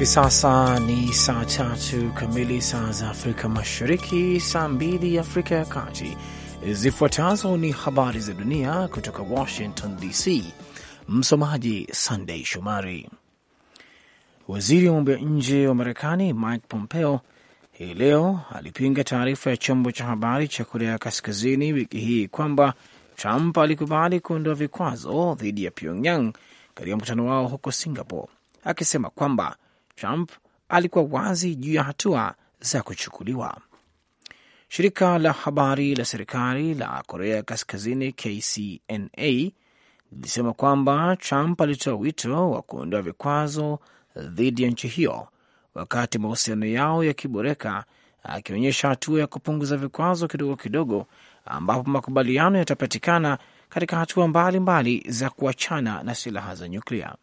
hivi sasa ni saa tatu kamili saa za Afrika Mashariki, saa mbili Afrika ya Kati. Zifuatazo ni habari za dunia kutoka Washington DC. Msomaji Sandei Shomari. Waziri wa mambo ya nje wa Marekani Mike Pompeo hii leo alipinga taarifa ya chombo cha habari cha Korea Kaskazini wiki hii kwamba Trump alikubali kuondoa vikwazo dhidi ya Pyongyang katika mkutano wao huko Singapore, akisema kwamba Trump alikuwa wazi juu ya hatua za kuchukuliwa. Shirika la habari la serikali la Korea Kaskazini KCNA lilisema kwamba Trump alitoa wito wa kuondoa vikwazo dhidi ya nchi hiyo wakati mahusiano yao yakiboreka, akionyesha hatua ya kupunguza vikwazo kidogo kidogo, ambapo makubaliano yatapatikana katika hatua mbalimbali mbali za kuachana na silaha za nyuklia.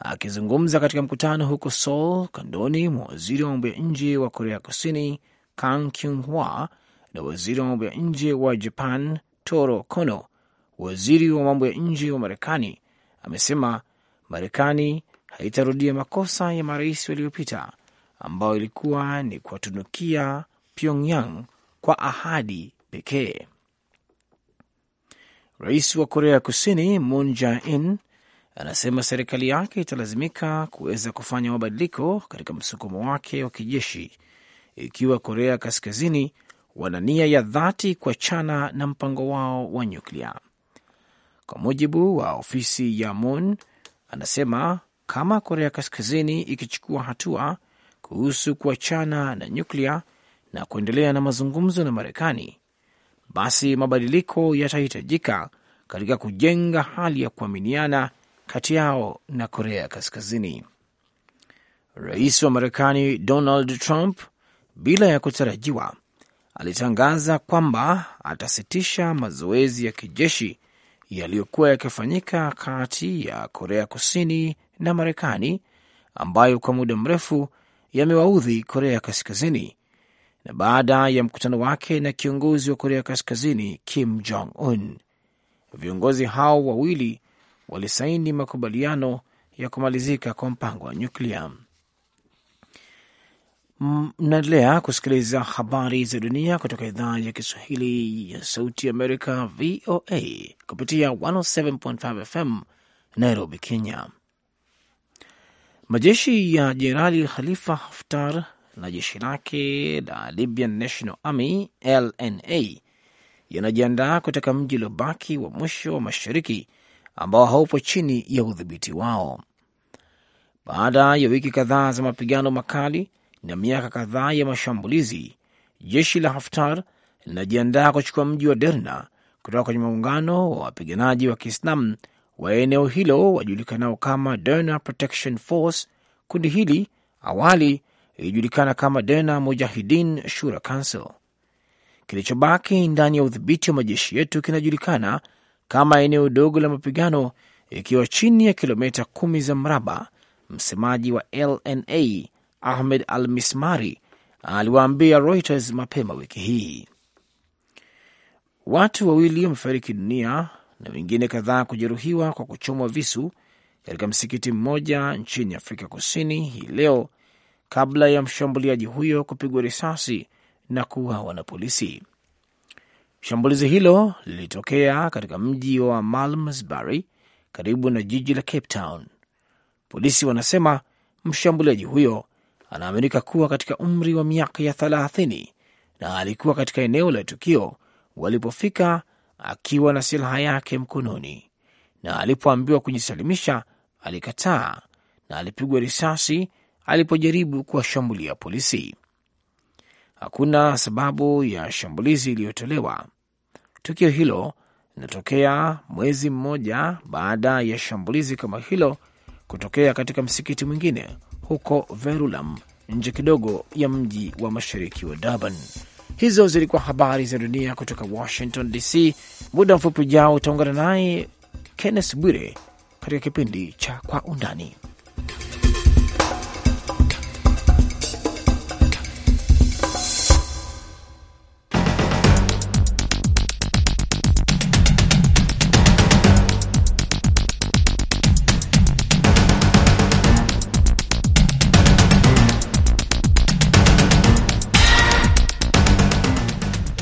Akizungumza katika mkutano huko Seoul kandoni mwa waziri wa mambo ya nje wa Korea Kusini Kang Kyung Hwa na waziri wa mambo ya nje wa Japan toro Kono, waziri wa mambo ya nje wa Marekani amesema Marekani haitarudia makosa ya marais waliopita ambayo ilikuwa ni kuwatunukia Pyongyang kwa ahadi pekee. Rais wa Korea Kusini Moon Jae-in anasema serikali yake italazimika kuweza kufanya mabadiliko katika msukumo wake wa kijeshi ikiwa Korea Kaskazini wana nia ya dhati kuachana na mpango wao wa nyuklia. Kwa mujibu wa ofisi ya Moon, anasema kama Korea Kaskazini ikichukua hatua kuhusu kuachana na nyuklia na kuendelea na mazungumzo na Marekani, basi mabadiliko yatahitajika katika kujenga hali ya kuaminiana kati yao na Korea Kaskazini. Rais wa Marekani Donald Trump bila ya kutarajiwa alitangaza kwamba atasitisha mazoezi ya kijeshi yaliyokuwa yakifanyika kati ya Korea Kusini na Marekani ambayo kwa muda mrefu yamewaudhi Korea Kaskazini, na baada ya mkutano wake na kiongozi wa Korea Kaskazini Kim Jong Un, viongozi hao wawili walisaini makubaliano ya kumalizika kwa mpango wa nyuklia. Mnaendelea kusikiliza habari za dunia kutoka idhaa ya Kiswahili ya Sauti Amerika, VOA, kupitia 107.5 FM Nairobi, Kenya. Majeshi ya Jenerali Khalifa Haftar na jeshi lake la Libyan National Army, LNA, yanajiandaa kutoka mji uliobaki wa mwisho wa mashariki ambao haupo chini ya udhibiti wao. Baada ya wiki kadhaa za mapigano makali na miaka kadhaa ya mashambulizi, jeshi la Haftar linajiandaa kuchukua mji wa Derna kutoka kwenye muungano wa wapiganaji wa Kiislamu wa eneo hilo wajulikanao kama Derna Protection Force. Kundi hili awali lilijulikana kama Derna Mujahidin Shura Council. Kilichobaki ndani ya udhibiti wa majeshi yetu kinajulikana kama eneo dogo la mapigano, ikiwa chini ya kilomita kumi za mraba. Msemaji wa LNA Ahmed Al Mismari aliwaambia Reuters mapema wiki hii watu wawili wamefariki dunia na wengine kadhaa kujeruhiwa kwa kuchomwa visu katika msikiti mmoja nchini Afrika Kusini hii leo kabla ya mshambuliaji huyo kupigwa risasi na kuuawa na polisi. Shambulizi hilo lilitokea katika mji wa Malmesbury karibu na jiji la Cape Town. Polisi wanasema mshambuliaji huyo anaaminika kuwa katika umri wa miaka ya thelathini na alikuwa katika eneo la tukio walipofika akiwa na silaha yake mkononi, na alipoambiwa kujisalimisha alikataa na alipigwa risasi alipojaribu kuwashambulia polisi. Hakuna sababu ya shambulizi iliyotolewa, Tukio hilo linatokea mwezi mmoja baada ya shambulizi kama hilo kutokea katika msikiti mwingine huko Verulam, nje kidogo ya mji wa mashariki wa Durban. Hizo zilikuwa habari za dunia kutoka Washington DC. Muda mfupi ujao utaungana naye Kenneth Bwire katika kipindi cha Kwa Undani.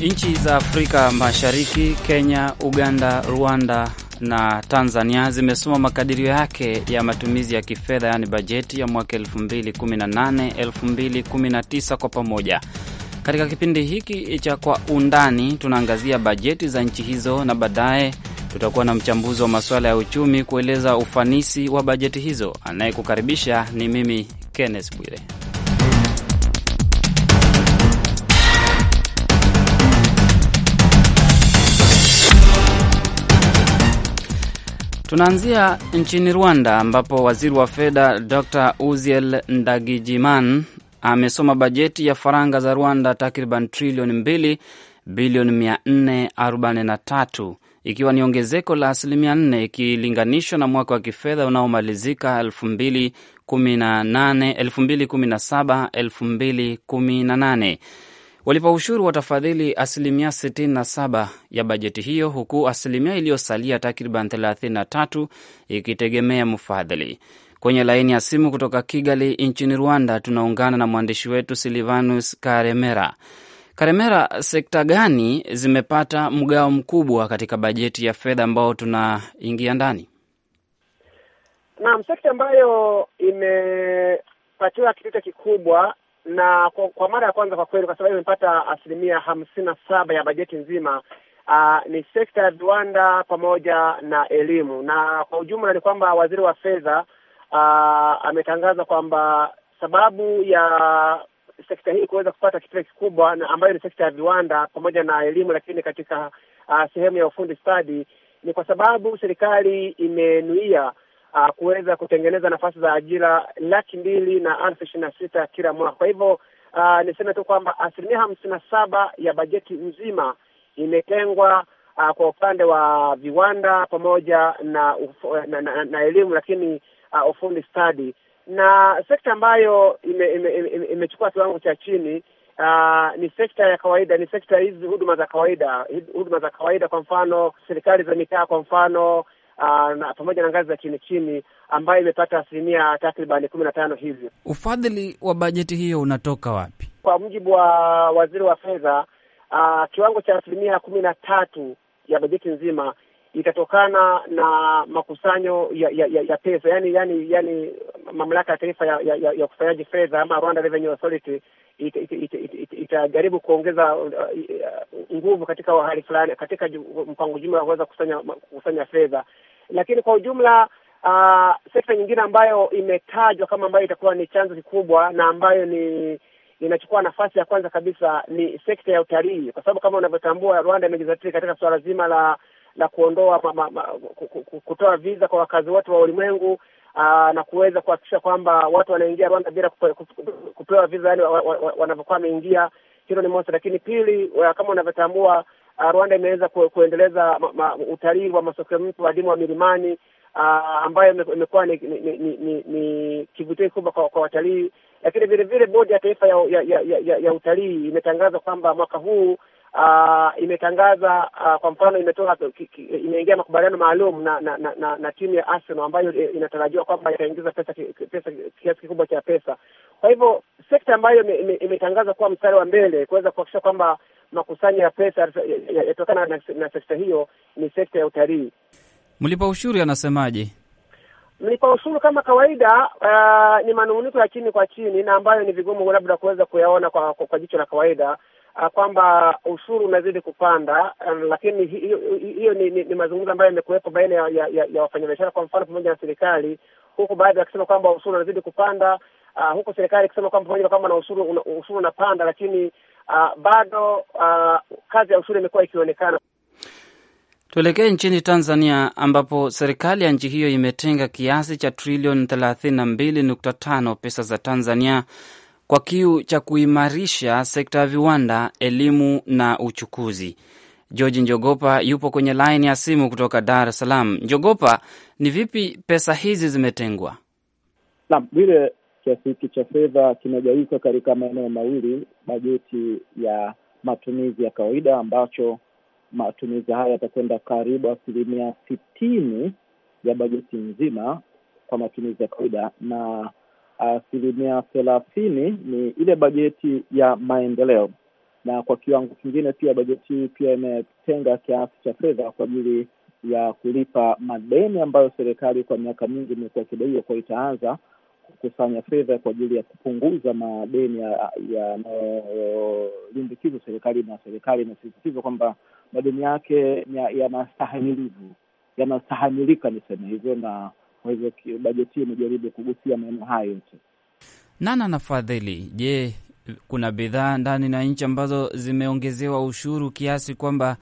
Nchi za Afrika Mashariki, Kenya, Uganda, Rwanda na Tanzania zimesoma makadirio yake ya matumizi ya kifedha, yaani bajeti ya mwaka 2018 2019 kwa pamoja. Katika kipindi hiki cha Kwa Undani tunaangazia bajeti za nchi hizo na baadaye tutakuwa na mchambuzi wa masuala ya uchumi kueleza ufanisi wa bajeti hizo. Anayekukaribisha ni mimi Kenneth Bwire. Tunaanzia nchini Rwanda ambapo waziri wa fedha Dr Uziel Ndagijiman amesoma bajeti ya faranga za Rwanda takriban trilioni 2 bilioni 443 ikiwa ni ongezeko la asilimia nne ikilinganishwa na mwaka wa kifedha unaomalizika elfu Walipa ushuru watafadhili asilimia 67 ya bajeti hiyo, huku asilimia iliyosalia takriban 33 ikitegemea mfadhili. Kwenye laini ya simu kutoka Kigali nchini Rwanda, tunaungana na mwandishi wetu Silvanus Karemera. Karemera, sekta gani zimepata mgao mkubwa katika bajeti ya fedha ambao tunaingia ndani? Naam, sekta ambayo imepatiwa kitita kikubwa na kwa, kwa mara ya kwanza kwa kweli, kwa sababu imepata asilimia hamsini na saba ya bajeti nzima. Uh, ni sekta ya viwanda pamoja na elimu, na kwa ujumla ni kwamba waziri wa fedha uh, ametangaza kwamba sababu ya sekta hii kuweza kupata kipeo kikubwa na ambayo ni sekta ya viwanda pamoja na elimu, lakini katika uh, sehemu ya ufundi stadi ni kwa sababu serikali imenuia uh, kuweza kutengeneza nafasi za ajira laki mbili na elfu ishirini na sita kila mwaka. Kwa hivyo uh, niseme tu kwamba asilimia hamsini na saba ya bajeti nzima imetengwa uh, kwa upande wa viwanda pamoja na, ufo, na, na, na elimu lakini uh, ufundi stadi na sekta ambayo imechukua ime, ime, ime kiwango cha chini Uh, ni sekta ya kawaida, ni sekta hizi huduma za kawaida, huduma za kawaida, kwa mfano serikali za mitaa, kwa mfano Uh, na pamoja na ngazi za chini chini ambayo imepata asilimia takriban kumi na tano hivi. Ufadhili wa bajeti hiyo unatoka wapi? Kwa mujibu wa waziri wa fedha, uh, kiwango cha asilimia kumi na tatu ya bajeti nzima itatokana na makusanyo ya, ya, ya, ya pesa yani, yani, yani mamlaka ya taifa ya, ya, ya, ya ukusanyaji fedha ama Rwanda Revenue Authority itajaribu kuongeza uh, uh, nguvu katika hali fulani katika mpango jumla wa kuweza kusanya kukusanya fedha, lakini kwa ujumla uh, sekta nyingine ambayo imetajwa kama ambayo itakuwa ni chanzo kikubwa na ambayo ni inachukua nafasi ya kwanza kabisa ni sekta ya utalii, kwa sababu kama unavyotambua, Rwanda imejizatiti katika suala zima la la kuondoa kutoa viza kwa wakazi wote wa ulimwengu aa, ah, na kuweza kuhakikisha kwamba watu wanaingia Rwanda bila kupewa visa, yani wanavyokuwa wameingia. Hilo ni moja, lakini pili, kama unavyotambua ah, Rwanda imeweza ku, kuendeleza utalii wa masoko mtu adimu wa milimani Uh, ambayo imekuwa ni, ni, ni, ni, ni kivutio kikubwa kwa, kwa watalii, lakini vile vile bodi ya taifa ya, ya, ya, ya, ya utalii imetangaza kwamba mwaka huu uh, imetangaza uh, kwa mfano imetoa imeingia makubaliano maalum na na, na, na, na timu ya Arsenal ambayo eh, inatarajiwa kwamba itaingiza pesa, pesa kiasi kikubwa cha pesa. Kwa hivyo sekta ambayo imetangaza kuwa mstari wa mbele kuweza kuhakikisha kwamba makusanyo ya pesa yatokana na, na sekta hiyo ni sekta ya utalii. Mlipa ushuru anasemaje? Mlipa ushuru kama kawaida, uh, ni manung'uniko ya chini kwa chini na ambayo ni vigumu labda kuweza kuyaona kwa, kwa, kwa jicho la kawaida Ah, kwamba ushuru unazidi kupanda, eh, lakini hiyo ni, ni, ni mazungumzo ambayo yamekuwepo baina ya, ya, ya, ya wafanyabiashara kwa mfano pamoja na serikali, huku baadhi wakisema kwamba ushuru unazidi kupanda uh, huku serikali ikisema kwamba pamoja kwamba na ushuru ushuru unapanda, lakini uh, bado uh, kazi ya ushuru imekuwa ikionekana. Tuelekee nchini Tanzania ambapo serikali ya nchi hiyo imetenga kiasi cha trilioni 32.5 pesa za Tanzania kwa kiu cha kuimarisha sekta ya viwanda, elimu na uchukuzi. George Njogopa yupo kwenye laini ya simu kutoka Dar es Salaam. Njogopa, ni vipi pesa hizi zimetengwa? Naam, vile kiasi hiki cha fedha kimegawika katika maeneo mawili, bajeti ya matumizi ya kawaida, ambacho matumizi haya yatakwenda karibu asilimia sitini ya bajeti nzima kwa matumizi ya kawaida, na asilimia thelathini ni ile bajeti ya maendeleo, na kwa kiwango kingine pia bajeti hii pia imetenga kiasi cha fedha kwa ajili ya kulipa madeni ambayo serikali kwa miaka mingi imekuwa kidaio kwa itaanza kukusanya fedha kwa ajili ya kupunguza madeni yanayolimbikizwa serikali, na serikali imesisitiza kwamba madeni yake yanastahamilivu yanastahamilika, niseme hivyo na kwa hivyo bajeti hiyo imejaribu kugusia maeneo hayo yote. Nana na je, kuna bidhaa ndani na nchi ambazo zimeongezewa ushuru kiasi kwamba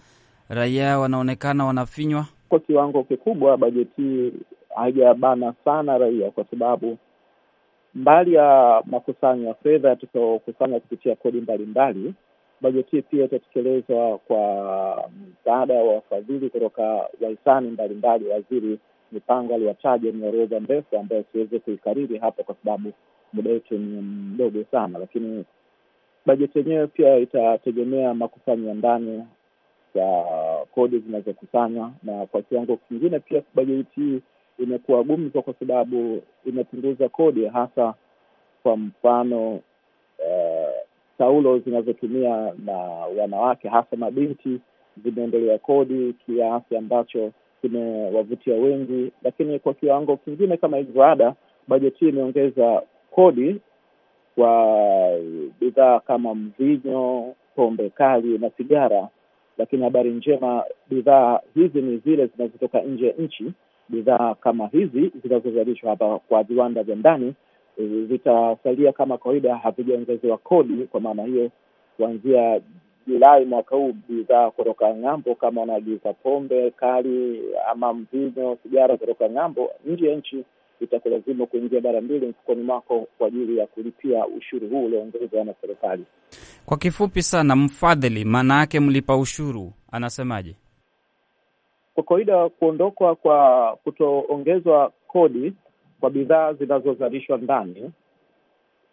raia wanaonekana wanafinywa? Kwa kiwango kikubwa, bajeti haijabana sana raia, kwa sababu mbali ya makusanyo ya fedha yatakayokusanywa kupitia kodi mbalimbali, bajeti pia itatekelezwa kwa msaada wa wafadhili kutoka wahisani mbalimbali, waziri mipango aliyotaja ni orodha ndefu ambayo siweze kuikariri hapa kwa sababu muda wetu ni mdogo sana, lakini bajeti yenyewe pia itategemea makusanyo ya ndani ya kodi zinazokusanywa, na kwa kiwango kingine pia bajeti hii imekuwa gumzo kwa sababu imepunguza kodi, hasa kwa mfano eh, taulo zinazotumia na wanawake hasa mabinti zimeondolewa kodi kiasi ambacho kimewavutia wengi, lakini kwa kiwango kingine kama ilivyo ada, bajeti hii imeongeza kodi kwa bidhaa kama mvinyo, pombe kali na sigara. Lakini habari njema, bidhaa hizi ni zile zinazotoka nje ya nchi. Bidhaa kama hizi zinazozalishwa hapa kwa viwanda vya ndani eh, zitasalia kama kawaida, havijaongezewa kodi. Kwa maana hiyo, kuanzia Julai mwaka huu bidhaa kutoka ng'ambo, kama wanaagiza pombe kali ama mvinyo, sigara kutoka ng'ambo, nje ya nchi, itakulazimu kuingia bara mbili mfukoni mwako kwa ajili ya kulipia ushuru huu ulioongezwa na serikali. Kwa kifupi sana, mfadhili maana yake mlipa ushuru anasemaje? Kwa kawaida kuondokwa kwa kutoongezwa kodi kwa bidhaa zinazozalishwa ndani,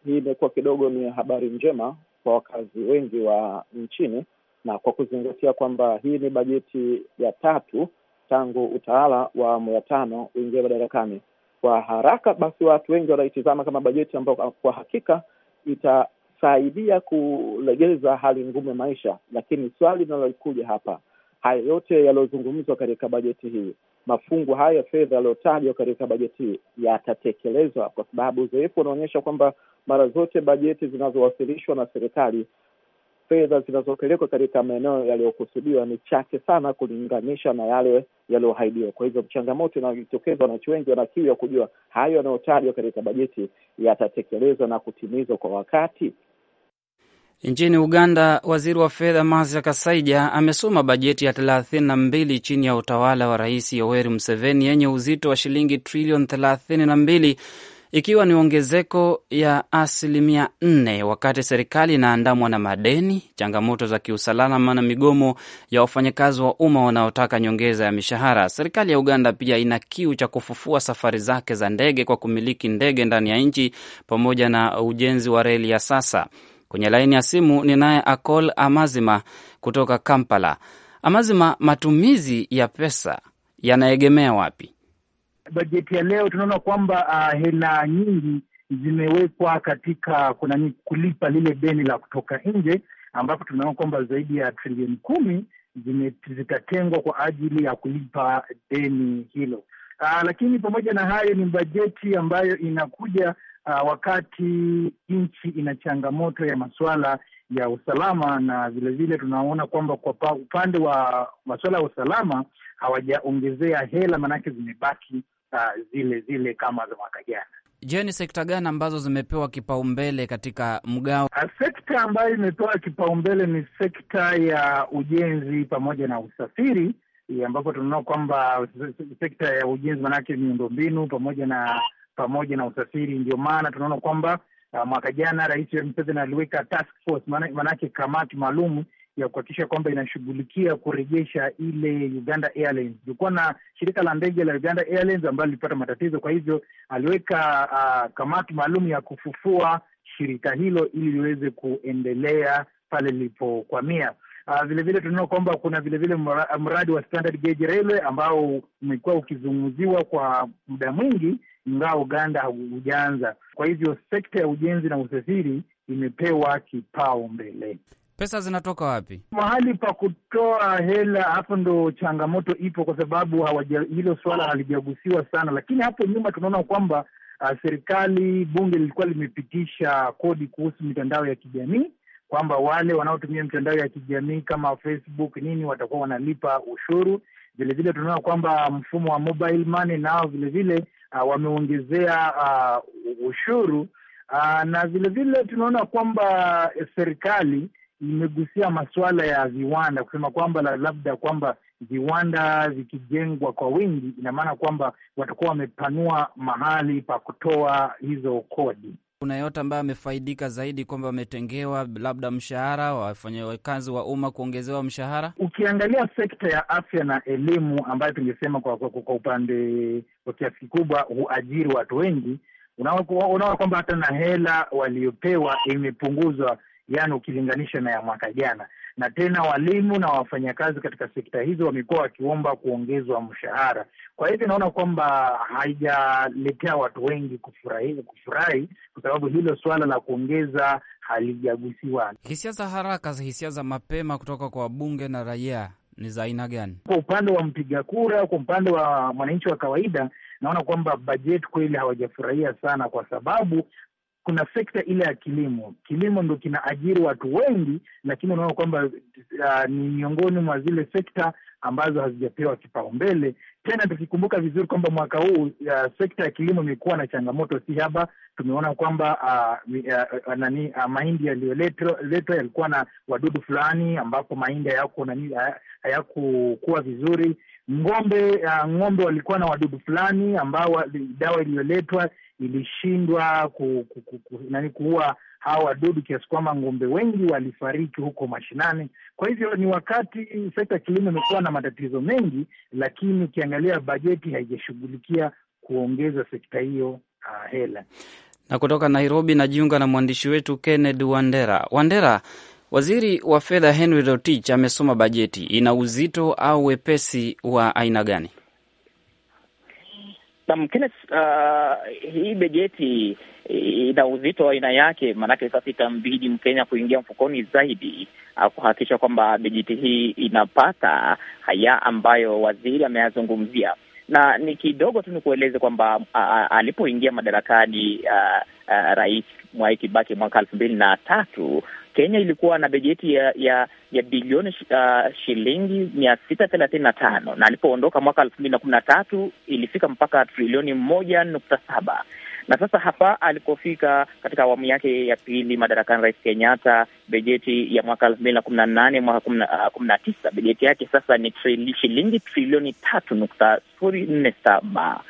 hii imekuwa kidogo ni habari njema kwa wakazi wengi wa nchini, na kwa kuzingatia kwamba hii ni bajeti ya tatu tangu utawala wa awamu ya tano uingia madarakani. Kwa haraka basi, watu wengi wanaitizama kama bajeti ambayo kwa hakika itasaidia kulegeza hali ngumu ya maisha, lakini swali linalokuja hapa, haya yote yaliyozungumzwa katika bajeti hii mafungu haya ya fedha yaliyotajwa katika bajeti hii yatatekelezwa? Kwa sababu uzoefu unaonyesha kwamba mara zote bajeti zinazowasilishwa na serikali, fedha zinazopelekwa katika maeneo yaliyokusudiwa ni chache sana kulinganisha na yale yaliyohaidiwa Kwa hivyo changamoto inayojitokeza, wananchi wengi wana kiu ya kujua hayo yanayotajwa katika bajeti yatatekelezwa na kutimizwa kwa wakati. Nchini Uganda, waziri wa fedha Masha Kasaija amesoma bajeti ya thelathini na mbili chini ya utawala wa Rais Yoweri Museveni yenye uzito wa shilingi trilioni thelathini na mbili ikiwa ni ongezeko ya asilimia nne wakati serikali inaandamwa na madeni, changamoto za kiusalama na migomo ya wafanyakazi wa umma wanaotaka nyongeza ya mishahara. Serikali ya Uganda pia ina kiu cha kufufua safari zake za ndege kwa kumiliki ndege ndani ya nchi pamoja na ujenzi wa reli ya sasa. Kwenye laini ya simu ninaye Akol Amazima kutoka Kampala. Amazima, matumizi ya pesa yanaegemea wapi? bajeti ya leo tunaona kwamba uh, hela nyingi zimewekwa katika kuna kulipa lile deni la kutoka nje, ambapo tunaona kwamba zaidi ya trilioni kumi zitatengwa kwa ajili ya kulipa deni hilo. Uh, lakini pamoja na hayo ni bajeti ambayo inakuja uh, wakati nchi ina changamoto ya masuala ya usalama na vilevile tunaona kwamba kwa upande wa masuala ya usalama hawajaongezea hela, maanake zimebaki uh, zile zile kama za mwaka jana. Je, ni sekta gani ambazo zimepewa kipaumbele katika mgao? Ah, sekta ambayo imepewa kipaumbele ni sekta ya ujenzi pamoja na usafiri, ambapo tunaona kwamba sekta ya ujenzi manake miundombinu pamoja na pamoja na usafiri. Ndio maana tunaona kwamba ah, mwaka jana Rais Museveni aliweka task force, maanake kamati maalum ya kuhakikisha kwamba inashughulikia kurejesha ile Uganda Airlines. Ilikuwa na shirika la ndege la Uganda Airlines ambalo lilipata matatizo, kwa hivyo aliweka uh, kamati maalum ya kufufua shirika hilo ili liweze kuendelea pale lilipokwamia. Uh, vilevile tunaona kwamba kuna vilevile mradi wa standard gauge railway ambao umekuwa ukizungumziwa kwa muda mwingi, ingawa Uganda haujaanza. Kwa hivyo sekta ya ujenzi na usafiri imepewa kipaumbele. Pesa zinatoka wapi? Mahali pa kutoa hela, hapo ndo changamoto ipo, kwa sababu hawaja, hilo swala halijagusiwa sana, lakini hapo nyuma tunaona kwamba uh, serikali bunge lilikuwa limepitisha kodi kuhusu mitandao ya kijamii kwamba wale wanaotumia mitandao ya kijamii kama Facebook nini watakuwa wanalipa ushuru. Vilevile tunaona kwamba mfumo wa mobile money nao vilevile uh, ah, wameongezea uh, ushuru uh, na vilevile tunaona kwamba serikali imegusia masuala ya viwanda kusema kwamba la labda kwamba viwanda vikijengwa kwa wingi, ina maana kwamba watakuwa wamepanua mahali pa kutoa hizo kodi. Kuna yote ambayo amefaidika zaidi kwamba wametengewa labda mshahara, wafanyakazi wa umma kuongezewa mshahara. Ukiangalia sekta ya afya na elimu ambayo tungesema kwa, kwa, kwa upande kwa kiasi kikubwa huajiri watu wengi, unaona kwamba hata na hela waliopewa imepunguzwa yani ukilinganisha na ya mwaka jana. Na tena walimu na wafanyakazi katika sekta hizo wamekuwa wakiomba kuongezwa mshahara. Kwa hivyo naona kwamba haijaletea watu wengi kufurahi, kufurahi kwa sababu hilo suala la kuongeza halijagusiwa. Hisia za haraka, za hisia za mapema kutoka kwa wabunge na raia ni za aina gani? Kwa upande wa mpiga kura, kwa upande wa mwananchi wa kawaida, naona kwamba bajeti kweli hawajafurahia sana, kwa sababu kuna sekta ile ya kilimo. Kilimo ndo kinaajiri watu wengi, lakini unaona kwamba uh, ni miongoni mwa zile sekta ambazo hazijapewa kipaumbele. Tena tukikumbuka vizuri kwamba mwaka huu uh, sekta ya kilimo imekuwa na changamoto si haba. Tumeona kwamba uh, uh, uh, nani uh, mahindi yaliyoletwa yalikuwa na wadudu fulani, ambapo mahindi hayakukuwa vizuri. Ng'ombe uh, ng'ombe walikuwa na wadudu fulani ambao dawa iliyoletwa ilishindwa ku, ku, ku, ku, nani kuua hawa wadudu kiasi kwamba ng'ombe wengi walifariki huko mashinani. Kwa hivyo ni wakati sekta ya kilimo imekuwa na matatizo mengi, lakini ukiangalia bajeti haijashughulikia kuongeza sekta hiyo uh, hela. Na kutoka Nairobi najiunga na mwandishi wetu Kenneth Wandera. Wandera, waziri wa fedha Henry Rotich amesoma bajeti, ina uzito au wepesi wa aina gani? Sam Kenneth, uh, hii bajeti ina uzito wa aina yake, maanake sasa itambidi Mkenya kuingia mfukoni zaidi uh, kuhakikisha kwamba bajeti hii inapata haya ambayo waziri ameyazungumzia na ni kidogo tu nikueleze kwamba uh, alipoingia madarakani uh, uh, Rais Mwai Kibaki mwaka elfu mbili na tatu Kenya ilikuwa na bajeti ya ya, ya bilioni uh, shilingi mia sita thelathini na tano na alipoondoka mwaka elfu mbili na kumi na tatu ilifika mpaka trilioni moja nukta saba na sasa hapa alikofika katika awamu yake ya pili madarakani, Rais Kenyatta, bajeti ya mwaka elfu mbili na kumi na nane mwaka kumi na uh, tisa bajeti yake sasa ni trili, shilingi trilioni tatu nukta sifuri nne saba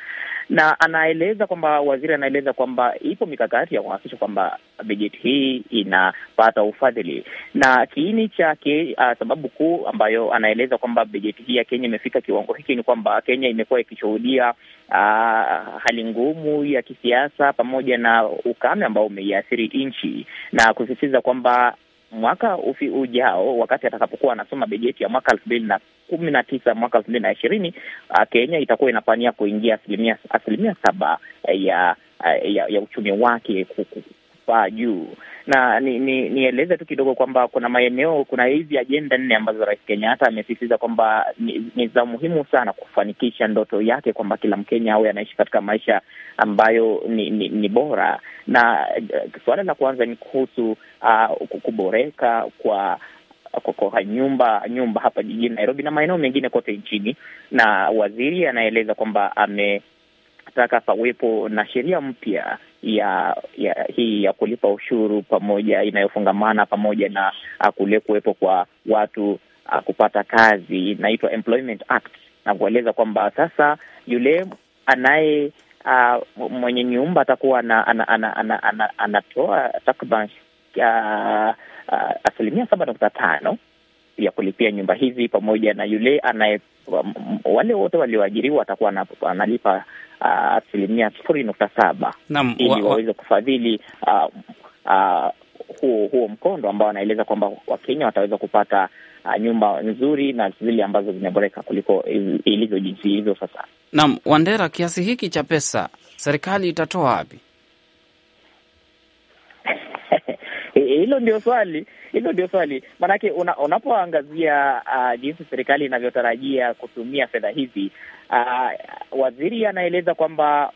na anaeleza kwamba waziri anaeleza kwamba ipo mikakati ya kuhakikisha kwamba bajeti hii inapata ufadhili, na kiini chake, uh, sababu kuu ambayo anaeleza kwamba bajeti hii ya Kenya imefika kiwango hiki ni kwamba Kenya imekuwa ikishuhudia uh, hali ngumu ya kisiasa pamoja na ukame ambao umeiathiri nchi na kusisitiza kwamba mwaka ufi ujao wakati atakapokuwa anasoma bajeti ya mwaka elfu mbili na kumi na tisa mwaka elfu mbili na ishirini uh, Kenya itakuwa inapania kuingia asilimia asilimia saba uh, ya uh, ya, ya uchumi wake kupaa juu na nieleze ni, ni tu kidogo kwamba kuna maeneo, kuna hizi ajenda nne ambazo Rais Kenyatta amesisitiza kwamba ni, ni za muhimu sana kufanikisha ndoto yake kwamba kila Mkenya awe anaishi katika maisha ambayo ni, ni, ni bora. Na suala la kwanza ni kuhusu uh, kuboreka kwa kukokoha nyumba nyumba hapa jijini Nairobi na maeneo mengine kote nchini, na waziri anaeleza kwamba ametaka pawepo na sheria mpya ya ya hii ya kulipa ushuru pamoja inayofungamana pamoja na uh, kule kuwepo kwa watu a, uh, kupata kazi inaitwa Employment Act, na kueleza kwamba sasa yule anaye Uh, mwenye nyumba atakuwa anatoa takriban uh, uh, asilimia saba nukta tano ya kulipia nyumba hizi, pamoja na yule anaye, um, wale wote walioajiriwa watakuwa analipa uh, asilimia sifuri nukta saba ili wa, waweze kufadhili uh, uh, huo huo mkondo ambao anaeleza kwamba Wakenya wataweza kupata uh, nyumba nzuri na zile ambazo zimeboreka kuliko ilivyo jinsi ilivyo sasa. Naam, Wandera, kiasi hiki cha pesa serikali itatoa wapi? Eh, eh, hilo ndio swali, hilo ndio swali, maanake unapoangazia uh, jinsi serikali inavyotarajia kutumia fedha hizi uh, waziri anaeleza kwamba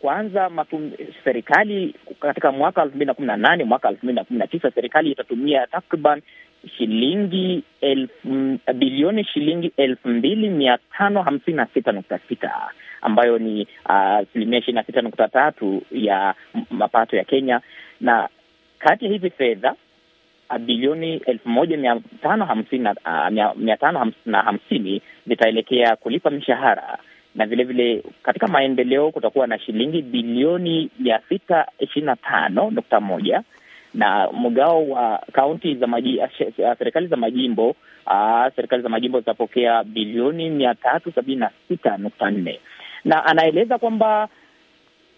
kwanza matum, serikali katika mwaka elfu mbili na kumi na nane mwaka elfu mbili na kumi na tisa serikali itatumia takriban shilingi elfu, bilioni shilingi elfu mbili mia tano hamsini na sita nukta sita ambayo ni ah, asilimia uh, ishirini na sita nukta tatu ya mapato ya Kenya na kati ya hizi fedha ah, bilioni elfu moja mia tano hamsini ah, mia tano na hamsini zitaelekea kulipa mishahara na vilevile vile, katika maendeleo kutakuwa na shilingi bilioni mia sita ishirini na tano nukta moja na mgao wa kaunti za maji, ah, serikali za majimbo aa, serikali za majimbo zitapokea bilioni mia tatu sabini na sita nukta nne na anaeleza kwamba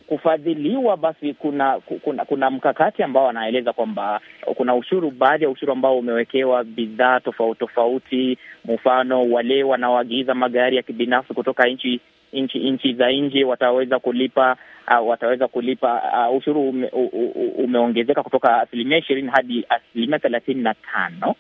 kufadhiliwa, basi kuna kuna, kuna mkakati ambao anaeleza kwamba kuna ushuru, baadhi ya ushuru ambao umewekewa bidhaa tofauti tofauti, mfano wale wanaoagiza magari ya kibinafsi kutoka nchi nchi nchi za nje wataweza kulipa uh, wataweza kulipa uh, ushuru ume, u, u, umeongezeka kutoka asilimia ishirini hadi asilimia thelathini na tano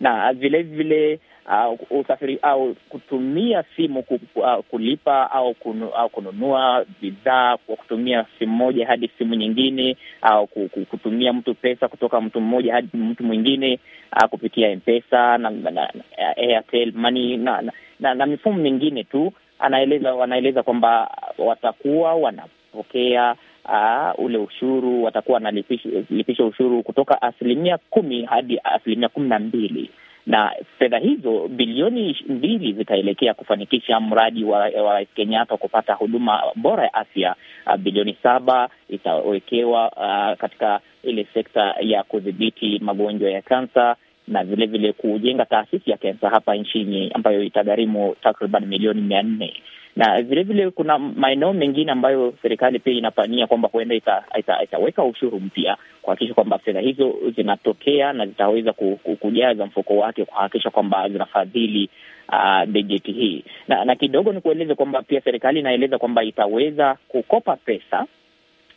na vile uh, usafiri au kutumia simu uh, kulipa au, kunu, au kununua bidhaa kwa kutumia simu moja hadi simu nyingine au kutumia mtu pesa kutoka mtu mmoja hadi mtu mwingine uh, kupitia mpesa na, na, na, na Airtel Money na, na, na, na mifumo mingine tu. Anaeleza, wanaeleza kwamba watakuwa wanapokea aa, ah, ule ushuru watakuwa wanalipisha ushuru kutoka asilimia kumi hadi asilimia kumi na mbili na fedha hizo bilioni mbili zitaelekea kufanikisha mradi wa Rais Kenyatta kupata huduma bora ya afya. Ah, bilioni saba itawekewa uh, katika ile sekta ya kudhibiti magonjwa ya kansa na vilevile vile kujenga taasisi ya kansa hapa nchini ambayo itagharimu takriban milioni mia nne na vilevile kuna maeneo mengine ambayo serikali pia inapania kwamba huenda itaweka ita, ita ushuru mpya kuhakikisha kwamba fedha hizo zinatokea na zitaweza kujaza mfuko wake kuhakikisha kwamba zinafadhili uh, bajeti hii na, na kidogo ni kueleza kwamba pia serikali inaeleza kwamba itaweza kukopa pesa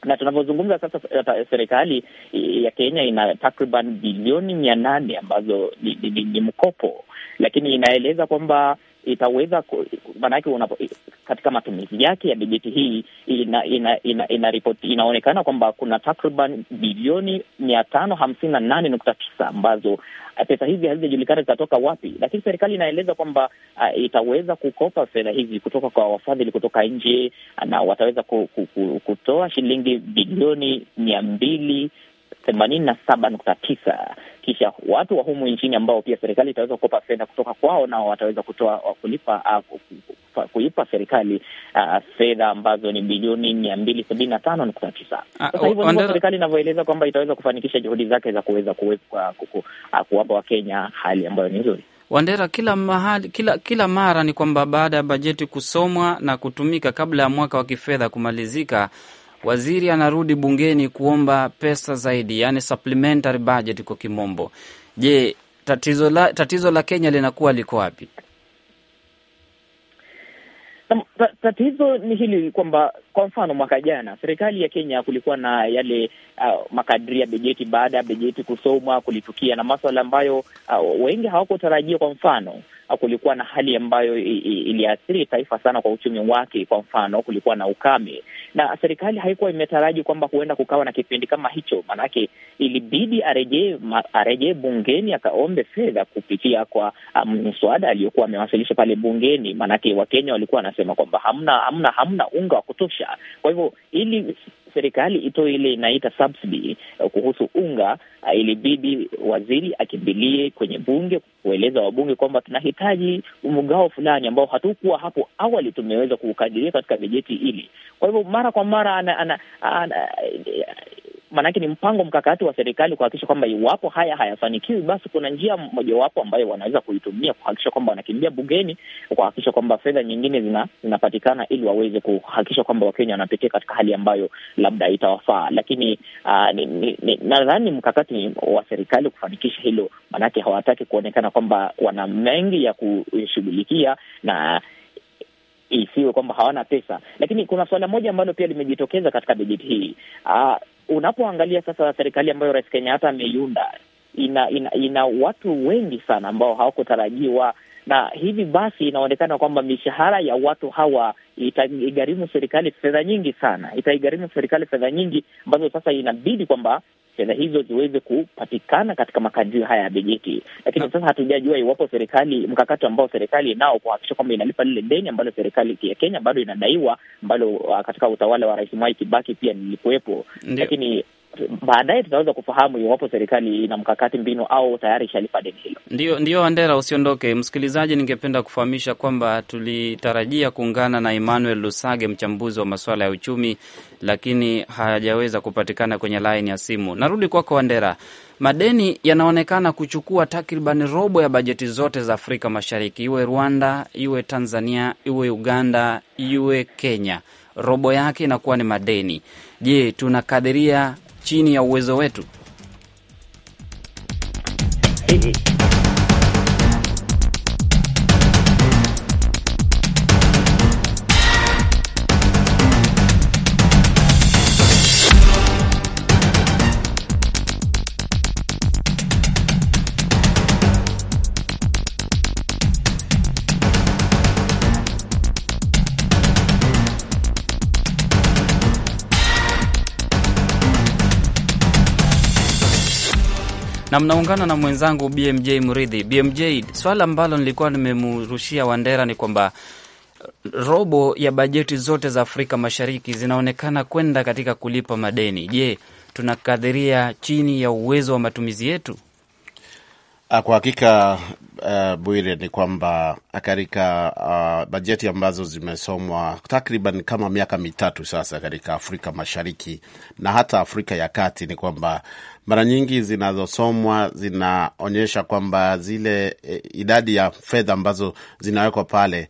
na tunavyozungumza sasa, eh, serikali eh, ya Kenya ina takriban bilioni mia nane ambazo ni, ni, ni, ni mkopo, lakini inaeleza kwamba itaweza maanake, katika matumizi yake ya bajeti hii ina, ina, ina, ina report, inaonekana kwamba kuna takriban bilioni mia tano hamsini na nane nukta tisa ambazo eh, pesa hizi hazijajulikana zitatoka wapi, lakini serikali inaeleza kwamba uh, itaweza kukopa fedha hizi kutoka kwa wafadhili kutoka nje na wataweza kutoa shilingi bilioni mia mbili themanini na saba nukta tisa kisha watu wa humu nchini ambao pia serikali itaweza kukopa fedha kutoka kwao, nao wataweza kutoa uh, kulipa uh, kuipa serikali uh, fedha ambazo ni bilioni mia mbili sabini na tano nukta tisa. Ah, Sasa hivyo ndivyo serikali inavyoeleza kwamba itaweza kufanikisha juhudi zake za kuweza uh, uh, kuwapa uh, Wakenya hali ambayo ni nzuri. Wandera, kila mahali, kila kila mara ni kwamba baada ya bajeti kusomwa na kutumika kabla ya mwaka wa kifedha kumalizika waziri anarudi bungeni kuomba pesa zaidi, yani supplementary budget kwa kimombo. Je, tatizo la, tatizo la Kenya linakuwa liko wapi? Tatizo ni hili kwamba kwa mfano mwaka jana serikali ya Kenya kulikuwa na yale uh, makadiria bajeti baada ya bajeti kusomwa, kulitukia na maswala ambayo uh, wengi hawakutarajia. Kwa mfano kulikuwa na hali ambayo iliathiri taifa sana kwa uchumi wake. Kwa mfano, kulikuwa na ukame na serikali haikuwa imetaraji kwamba huenda kukawa na kipindi kama hicho, maanake ilibidi arejee arejee bungeni akaombe fedha kupitia kwa um, mswada um, aliyokuwa amewasilisha pale bungeni, maanake Wakenya walikuwa wanasema kwamba hamna hamna hamna unga wa kutosha. Kwa hivyo ili serikali itoe ile inaita subsidy eh, kuhusu unga, eh, ilibidi waziri akimbilie kwenye bunge kueleza wabunge kwamba tunahitaji mgao fulani ambao hatukuwa hapo awali tumeweza kuukadiria katika bajeti hili. Kwa hivyo mara kwa mara ana, ana, ana, ana, maanake ni mpango mkakati wa serikali kuhakikisha kwamba iwapo haya hayafanikiwi, basi kuna njia mojawapo ambayo wanaweza kuitumia kuhakikisha kwamba wanakimbia bungeni, kuhakikisha kwamba fedha nyingine zina, zinapatikana ili waweze kuhakikisha kwamba Wakenya wanapitia katika hali ambayo labda itawafaa. Lakini ah, nadhani mkakati wa serikali kufanikisha hilo, maanake hawataki kuonekana kwamba wana mengi ya kushughulikia na isiwe kwamba hawana pesa. Lakini kuna suala moja ambalo pia limejitokeza katika bajeti hii. Ah, unapoangalia sasa serikali ambayo Rais Kenyatta ameiunda ina, ina ina watu wengi sana ambao hawakutarajiwa na hivi basi inaonekana kwamba mishahara ya watu hawa itaigharimu serikali fedha nyingi sana, itaigharimu serikali fedha nyingi ambazo sasa inabidi kwamba fedha hizo ziweze kupatikana katika makadirio haya ya bajeti, lakini na, Sasa hatujajua iwapo serikali, mkakati ambao serikali inao kuhakikisha kwamba inalipa lile deni ambalo serikali ya Kenya bado inadaiwa, ambalo uh, katika utawala wa Rais Mwai Kibaki pia lilikuwepo, lakini baadaye tutaweza kufahamu iwapo serikali ina mkakati, mbinu au tayari ishalipa deni hilo. Ndio, ndio Wandera, usiondoke. Msikilizaji, ningependa kufahamisha kwamba tulitarajia kuungana na Emmanuel Lusage, mchambuzi wa masuala ya uchumi, lakini hajaweza kupatikana kwenye laini ya simu. Narudi kwako Wandera. Madeni yanaonekana kuchukua takriban robo ya bajeti zote za Afrika Mashariki, iwe Rwanda, iwe Tanzania, iwe Uganda, iwe Kenya, robo yake inakuwa ni madeni. Je, tunakadiria chini ya uwezo wetu. na mnaungana na mwenzangu BMJ Mridhi. BMJ, swala ambalo nilikuwa nimemurushia Wandera ni kwamba eh, robo ya bajeti zote za Afrika Mashariki zinaonekana kwenda katika kulipa madeni. Je, tunakadhiria chini ya uwezo wa matumizi yetu? Ah, kwa hakika uh, Bwire, ni kwamba eh, katika uh, bajeti ambazo zimesomwa takriban kama miaka mitatu sasa katika Afrika Mashariki na hata Afrika ya Kati, ni kwamba mara nyingi zinazosomwa zinaonyesha kwamba zile e, idadi ya fedha ambazo zinawekwa pale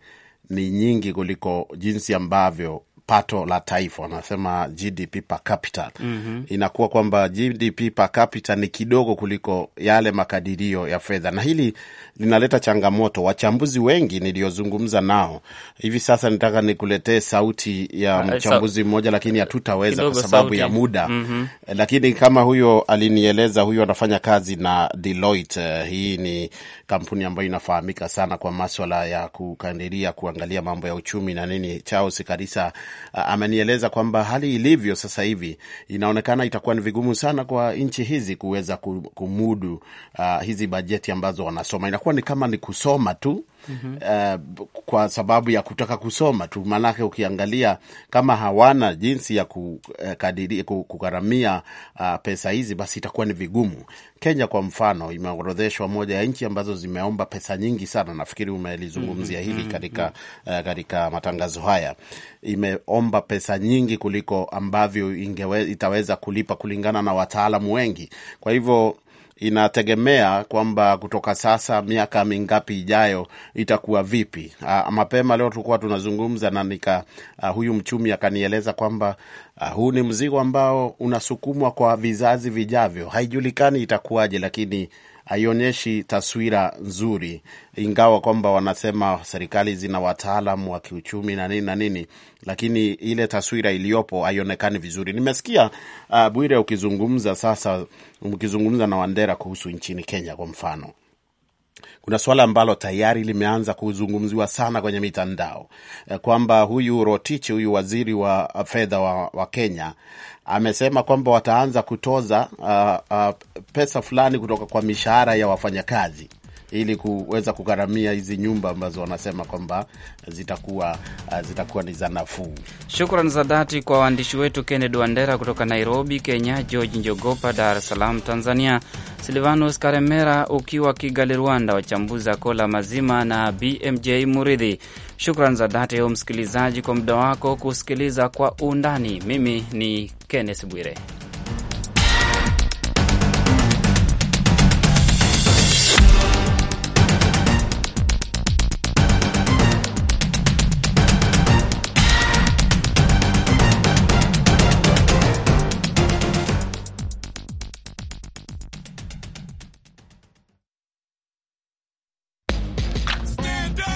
ni nyingi kuliko jinsi ambavyo pato la taifa, wanasema GDP per capita mm -hmm. Inakuwa kwamba GDP per capita ni kidogo kuliko yale makadirio ya fedha, na hili linaleta changamoto. Wachambuzi wengi niliyozungumza nao hivi sasa, nitaka nikuletee sauti ya ah, mchambuzi mmoja, lakini hatutaweza kwa sababu sauti ya muda mm -hmm. Lakini kama huyo alinieleza, huyo anafanya kazi na Deloitte. Hii ni kampuni ambayo inafahamika sana kwa maswala ya kukadiria, kuangalia mambo ya uchumi na nini. Charles Karisa amenieleza kwamba hali ilivyo sasa hivi inaonekana itakuwa ni vigumu sana kwa nchi hizi kuweza kumudu uh, hizi bajeti ambazo wanasoma. Inakuwa ni kama ni kusoma tu mm -hmm. uh, kwa sababu ya kutaka kusoma tu, maanake ukiangalia kama hawana jinsi ya kukadiri, eh, kugharamia uh, pesa hizi, basi itakuwa ni vigumu. Kenya kwa mfano imeorodheshwa moja ya nchi ambazo zimeomba pesa nyingi sana. Nafikiri umelizungumzia hili mm-hmm. katika, uh, katika matangazo haya. Imeomba pesa nyingi kuliko ambavyo ingewe, itaweza kulipa kulingana na wataalamu wengi. Kwa hivyo inategemea kwamba kutoka sasa miaka mingapi ijayo itakuwa vipi. Uh, mapema leo tulikuwa tunazungumza na nika uh, huyu mchumi akanieleza kwamba uh, huu ni mzigo ambao unasukumwa kwa vizazi vijavyo. Haijulikani itakuwaje, lakini haionyeshi taswira nzuri, ingawa kwamba wanasema serikali zina wataalam wa kiuchumi na nini na nini, lakini ile taswira iliyopo haionekani vizuri. Nimesikia uh, Bwire ukizungumza sasa, ukizungumza na Wandera kuhusu nchini Kenya kwa mfano kuna suala ambalo tayari limeanza kuzungumziwa sana kwenye mitandao eh, kwamba huyu Rotich, huyu waziri wa fedha wa, wa Kenya amesema kwamba wataanza kutoza uh, uh, pesa fulani kutoka kwa mishahara ya wafanyakazi ili kuweza kugharamia hizi nyumba ambazo wanasema kwamba zitakuwa uh, zitakuwa ni za nafuu. shukran za dhati kwa waandishi wetu Kennedy Wandera kutoka Nairobi, Kenya, George Njogopa, Dar es Salaam, Tanzania, Silvanus Karemera ukiwa Kigali, Rwanda, wachambuzi Akola Mazima na BMJ Muridhi. Shukran za dhati huu msikilizaji kwa muda wako kusikiliza kwa undani. Mimi ni Kenneth Bwire.